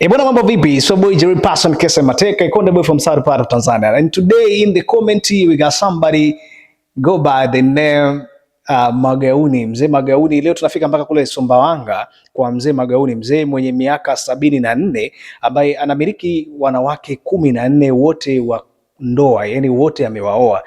E, bwana mambo vipi? So boy Jerry Person Kesa Mateka, iko ndio boy from South part of Tanzania. And today in the comment we got somebody go by the name uh, Magauni. Mzee Magauni leo tunafika mpaka kule Sumbawanga kwa mzee Magauni, mzee mwenye miaka sabini na nne ambaye anamiliki wanawake kumi na nne wote wa ndoa, yani wote amewaoa.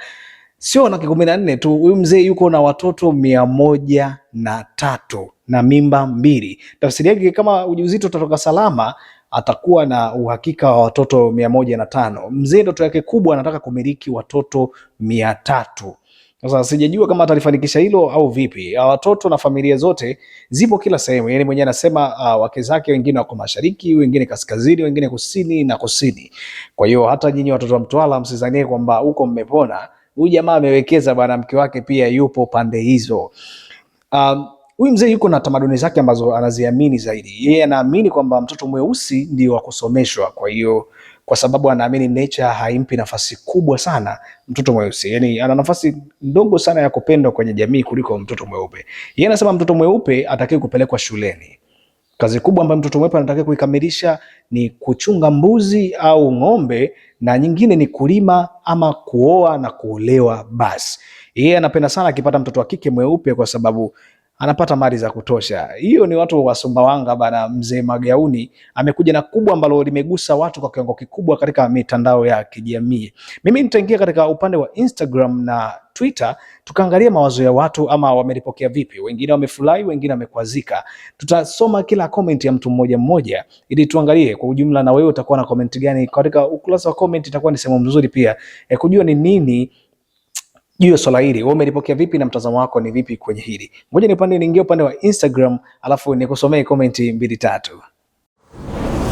Sio wanawake kumi na nne tu, huyu mzee yuko na watoto mia moja na tatu na mimba mbili. Tafsiri yake kama ujauzito utatoka salama atakuwa na uhakika wa watoto mia moja na tano. Mzee ndoto yake kubwa anataka kumiliki watoto mia tatu. Sasa sijajua kama atalifanikisha hilo au vipi. Ah, watoto na familia zote zipo kila sehemu, yaani mwenyewe anasema uh, wake zake wengine wako mashariki, wengine kaskazini, wengine kusini na kusini. Kwa hiyo hata nyinyi watoto wa Mtwala msizanie kwamba huko mmepona. Huyu jamaa amewekeza bwana, mke wake pia yupo pande hizo. um, Huyu mzee yuko na tamaduni zake ambazo anaziamini zaidi. Yeye anaamini kwamba mtoto mweusi ndio wa kusomeshwa, kwa hiyo kwa sababu anaamini nature haimpi nafasi kubwa sana mtoto mweusi, yani ana nafasi ndogo sana ya kupendwa kwenye jamii kuliko mtoto mweupe. Yeye anasema mtoto mweupe atakaye kupelekwa shuleni. Kazi kubwa ambayo mtoto mweupe anatakiwa kuikamilisha ni kuchunga mbuzi au ng'ombe, na nyingine ni kulima ama kuoa na kuolewa. Basi yeye anapenda sana akipata mtoto wa kike mweupe, kwa sababu anapata mali za kutosha. Hiyo ni watu wa Sumbawanga bana. Mzee Magauni amekuja na kubwa ambalo limegusa watu kwa kiwango kikubwa katika mitandao ya kijamii. Mimi nitaingia katika upande wa Instagram na Twitter tukaangalia mawazo ya watu ama wamelipokea vipi. Wengine wamefurahi, wengine wamekwazika. Tutasoma kila comment ya mtu mmoja mmoja ili tuangalie kwa ujumla, na wewe utakuwa na comment gani katika ukurasa wa comment. Itakuwa ni sehemu nzuri pia eh, kujua ni nini juu ya swala hili, wewe umelipokea vipi na mtazamo wako ni vipi kwenye hili? Ngoja ni upande niingie upande wa Instagram alafu nikusomee komenti mbili tatu.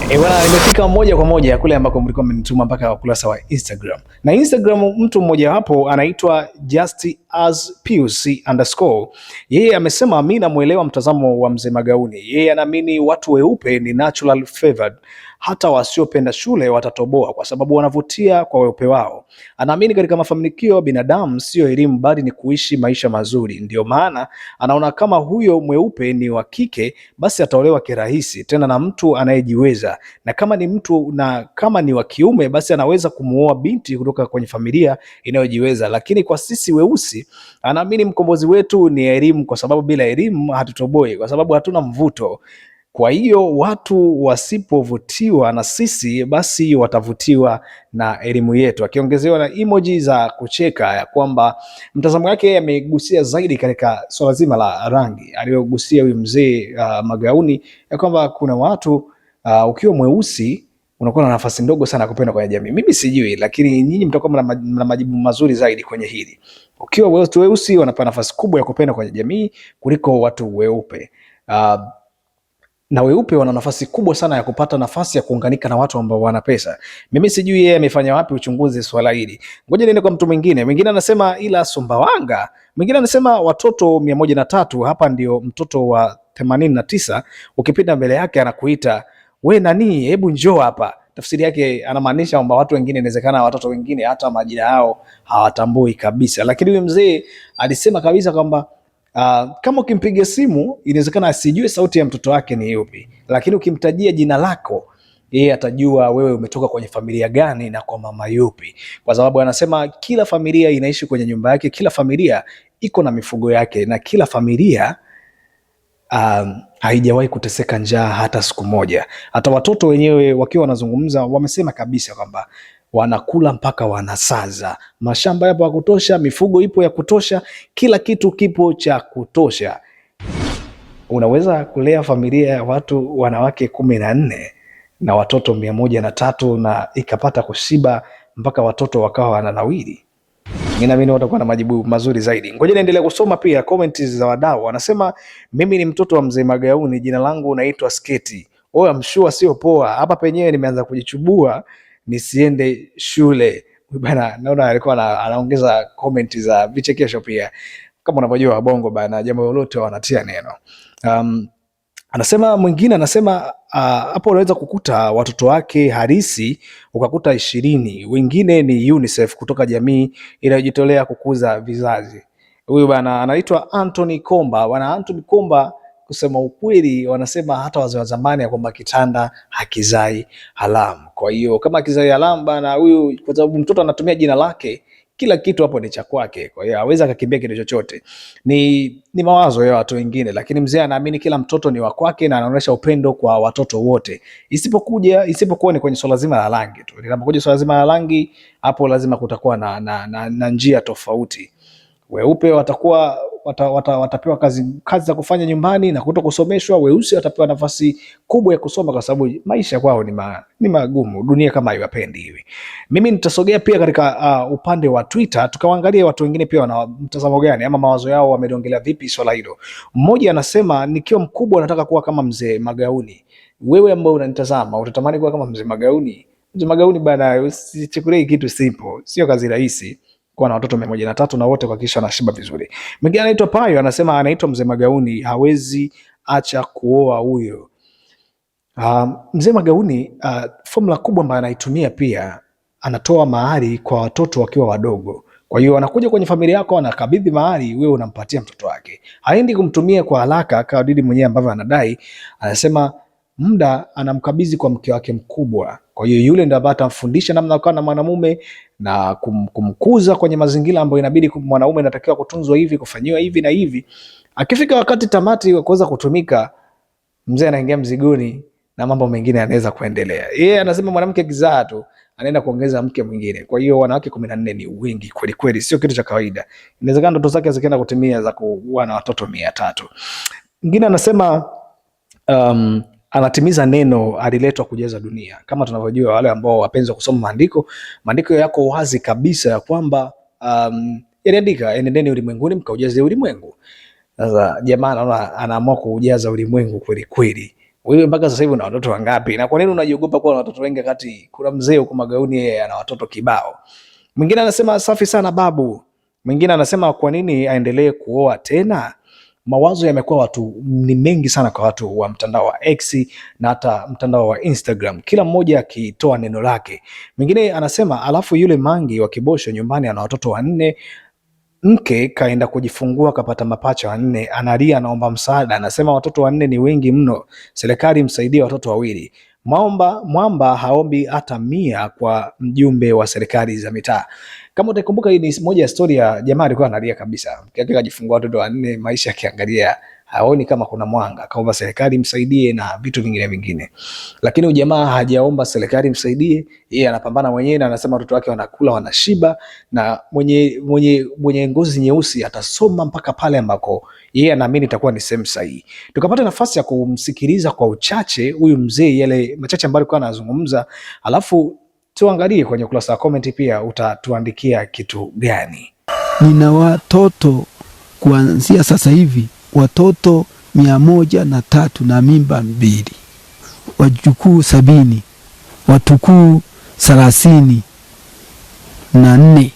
E, bwana nimefika moja kwa moja kule ambako mlikuwa mmenituma mpaka ukurasa wa Instagram. Na Instagram mtu mmoja hapo anaitwa Just as Pius underscore. Yeye amesema mimi namuelewa mtazamo wa mzee Magauni. Yeye anaamini watu weupe ni natural favored hata wasiopenda shule watatoboa, kwa sababu wanavutia kwa weupe wao. Anaamini katika mafanikio ya binadamu siyo elimu, bali ni kuishi maisha mazuri. Ndiyo maana anaona kama huyo mweupe ni wa kike, basi ataolewa kirahisi, tena na mtu anayejiweza, na kama ni mtu na kama ni wa kiume, basi anaweza kumuoa binti kutoka kwenye familia inayojiweza. Lakini kwa sisi weusi, anaamini mkombozi wetu ni elimu, kwa sababu bila elimu hatutoboi, kwa sababu hatuna mvuto. Kwa hiyo watu wasipovutiwa na sisi, basi watavutiwa na elimu yetu. Akiongezewa na emoji za kucheka ya kwamba mtazamo wake amegusia zaidi katika swala zima la rangi aliyogusia huyu mzee uh, magauni ya kwamba kuna watu uh, ukiwa mweusi unakuwa na nafasi ndogo sana ya kupendwa kwenye jamii. Mimi sijui, lakini nyinyi mtakuwa mna majibu mazuri zaidi kwenye hili. Ukiwa watu weusi wanapata nafasi kubwa ya kupendwa kwenye jamii kuliko watu weupe uh, na weupe wana nafasi kubwa sana ya kupata nafasi ya kuunganika na watu ambao wana pesa. Mimi sijui yeye amefanya wapi uchunguzi swala hili, ngoja niende kwa mtu mwingine. Mwingine anasema ila Sumbawanga, mwingine anasema watoto mia moja na tatu. Hapa ndio mtoto wa themanini na tisa ukipita mbele yake anakuita we nani, hebu njoo hapa. Tafsiri yake anamaanisha kwamba watu wengine, inawezekana watoto wengine hata majina yao hawatambui kabisa, lakini huyu mzee alisema kabisa kwamba Uh, kama ukimpiga simu inawezekana asijue sauti ya mtoto wake ni yupi, lakini ukimtajia jina lako yeye atajua wewe umetoka kwenye familia gani na kwa mama yupi, kwa sababu anasema kila familia inaishi kwenye nyumba yake, kila familia iko na mifugo yake na kila familia um, haijawahi kuteseka njaa hata siku moja. Hata watoto wenyewe wakiwa wanazungumza wamesema kabisa kwamba wanakula mpaka wanasaza. Mashamba yapo ya kutosha, mifugo ipo ya kutosha, kila kitu kipo cha kutosha. Unaweza kulea familia ya watu wanawake kumi na nne na watoto mia moja na tatu na ikapata kushiba mpaka watoto wakawa wananawiri. Ninaamini watakuwa na majibu mazuri zaidi. Ngoja niendelee kusoma pia komenti za wadau. Wanasema mimi ni mtoto wa mzee Magauni, jina langu naitwa Sketi. Oh, I'm sure sio poa. Hapa penyewe nimeanza kujichubua nisiende shule bana. Naona alikuwa anaongeza comment za vichekesho pia, kama unavyojua wabongo bana, jambo lolote wanatia neno um, anasema mwingine anasema ah, hapo, uh, unaweza kukuta watoto wake harisi ukakuta ishirini, wengine ni UNICEF kutoka jamii inayojitolea kukuza vizazi. Huyu bana anaitwa Anthony Komba. Bana Anthony Komba kusema ukweli, wanasema hata wazee wa zamani ya kwamba kitanda hakizai alam Kwa hiyo kama kizai halamu bana, huyu kwa sababu mtoto anatumia jina lake kila kitu hapo ni cha kwake, kwa hiyo hawezi akakimbia kitu chochote. Ni, ni mawazo ya watu wengine, lakini mzee anaamini kila mtoto ni wa kwake na anaonyesha upendo kwa watoto wote, isipokuja isipokuwa ni kwenye swala zima la rangi tu. Linapokuja swala zima la rangi, hapo lazima kutakuwa na, na, na, na njia tofauti. Weupe watakuwa wata, wata, watapewa kazi kazi za kufanya nyumbani na kuto kusomeshwa. Weusi watapewa nafasi kubwa ya kusoma kwa sababu maisha kwao ni, ma, ni magumu, dunia kama haiwapendi hivi. Mimi nitasogea pia katika uh, upande wa Twitter tukawaangalia watu wengine pia wana mtazamo gani ama mawazo yao wameliongelea vipi swala hilo. Mmoja anasema nikiwa mkubwa nataka kuwa kama mzee Magauni. Wewe ambao unanitazama utatamani kuwa kama mzee Magauni? Mzee Magauni bana, usichukulie kitu simple, sio kazi rahisi kuwa na watoto mia moja na tatu na wote kuhakikisha wanashiba vizuri. Mwingine anaitwa Payo, anasema anaitwa Mzee Magauni, hawezi acha kuoa huyo. Uh, Mzee Magauni uh, formula kubwa ambayo anaitumia pia anatoa mahari kwa watoto wakiwa wadogo. Kwa hiyo anakuja kwenye familia yako, anakabidhi mahari, wewe unampatia mtoto wake, haendi kumtumia kwa haraka kadiri mwenyewe ambavyo anadai. Anasema muda anamkabidhi kwa mke wake mkubwa kwa hiyo yule ndiye ambaye atamfundisha namna ya kuwa na mwanamume na kum, kumkuza kwenye mazingira ambayo inabidi mwanamume anatakiwa kutunzwa hivi, kufanyiwa hivi na hivi. Akifika wakati tamati wa kuweza kutumika, mzee anaingia mzigoni na mambo mengine yanaweza kuendelea. Yeye yeah, anasema mwanamke kizaa tu anaenda kuongeza mke mwingine. Kwa hiyo wanawake kumi na nne ni wingi kweli kweli, sio kitu cha kawaida. Inawezekana ndoto zake zikienda kutimia za kuwa na watoto mia tatu. Mwingine anasema um, anatimiza neno aliletwa kujaza dunia. Kama tunavyojua wale ambao wapenzi wa kusoma maandiko, maandiko yako wazi kabisa ya kwamba um, yaliandika enendeni ulimwenguni mkaujaze ulimwengu. Sasa jamaa anaona anaamua kuujaza ulimwengu kweli kweli. Wewe mpaka sasa hivi una watoto wangapi? Na kwa nini unajiogopa kuwa na watoto wengi kati kuna mzee huko magauni yeye ana watoto kibao? Mwingine anasema safi sana babu. Mwingine anasema kwa nini aendelee kuoa tena? mawazo yamekuwa watu ni mengi sana kwa watu wa mtandao wa X na hata mtandao wa Instagram, kila mmoja akitoa neno lake. Mwingine anasema alafu yule Mangi wa Kibosho nyumbani ana watoto wanne mke kaenda kujifungua kapata mapacha wanne, analia, anaomba msaada, anasema watoto wanne ni wengi mno, serikali msaidie watoto wawili. Mwamba, mwamba haombi hata mia kwa mjumbe wa serikali za mitaa. Kama utakumbuka, hii ni moja ya stori ya jamaa alikuwa analia kabisa, mke kajifungua watoto wanne, maisha akiangalia haoni kama kuna mwanga, akaomba serikali msaidie na vitu vingine vingine, lakini ujamaa hajaomba serikali msaidie, yeye anapambana mwenyewe na anasema watoto wake wanakula wanashiba, na mwenye mwenye mwenye ngozi nyeusi atasoma mpaka pale ambako yeye anaamini itakuwa ni sehemu sahihi. Tukapata nafasi ya kumsikiliza kwa uchache huyu mzee, yale machache ambayo alikuwa anazungumza, alafu tuangalie kwenye ukurasa wa comment pia utatuandikia kitu gani. Nina watoto kuanzia sasa hivi watoto mia moja na tatu na mimba mbili, wajukuu sabini, watukuu thelathini na nne.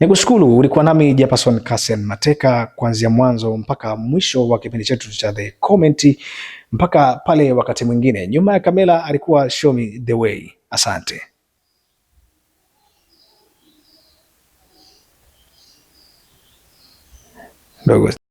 Ni kushukuru ulikuwa nami Japason Kassen Mateka kuanzia mwanzo mpaka mwisho wa kipindi chetu cha The Comment, mpaka pale wakati mwingine. Nyuma ya kamera alikuwa Show Me The Way. Asante. Dogo.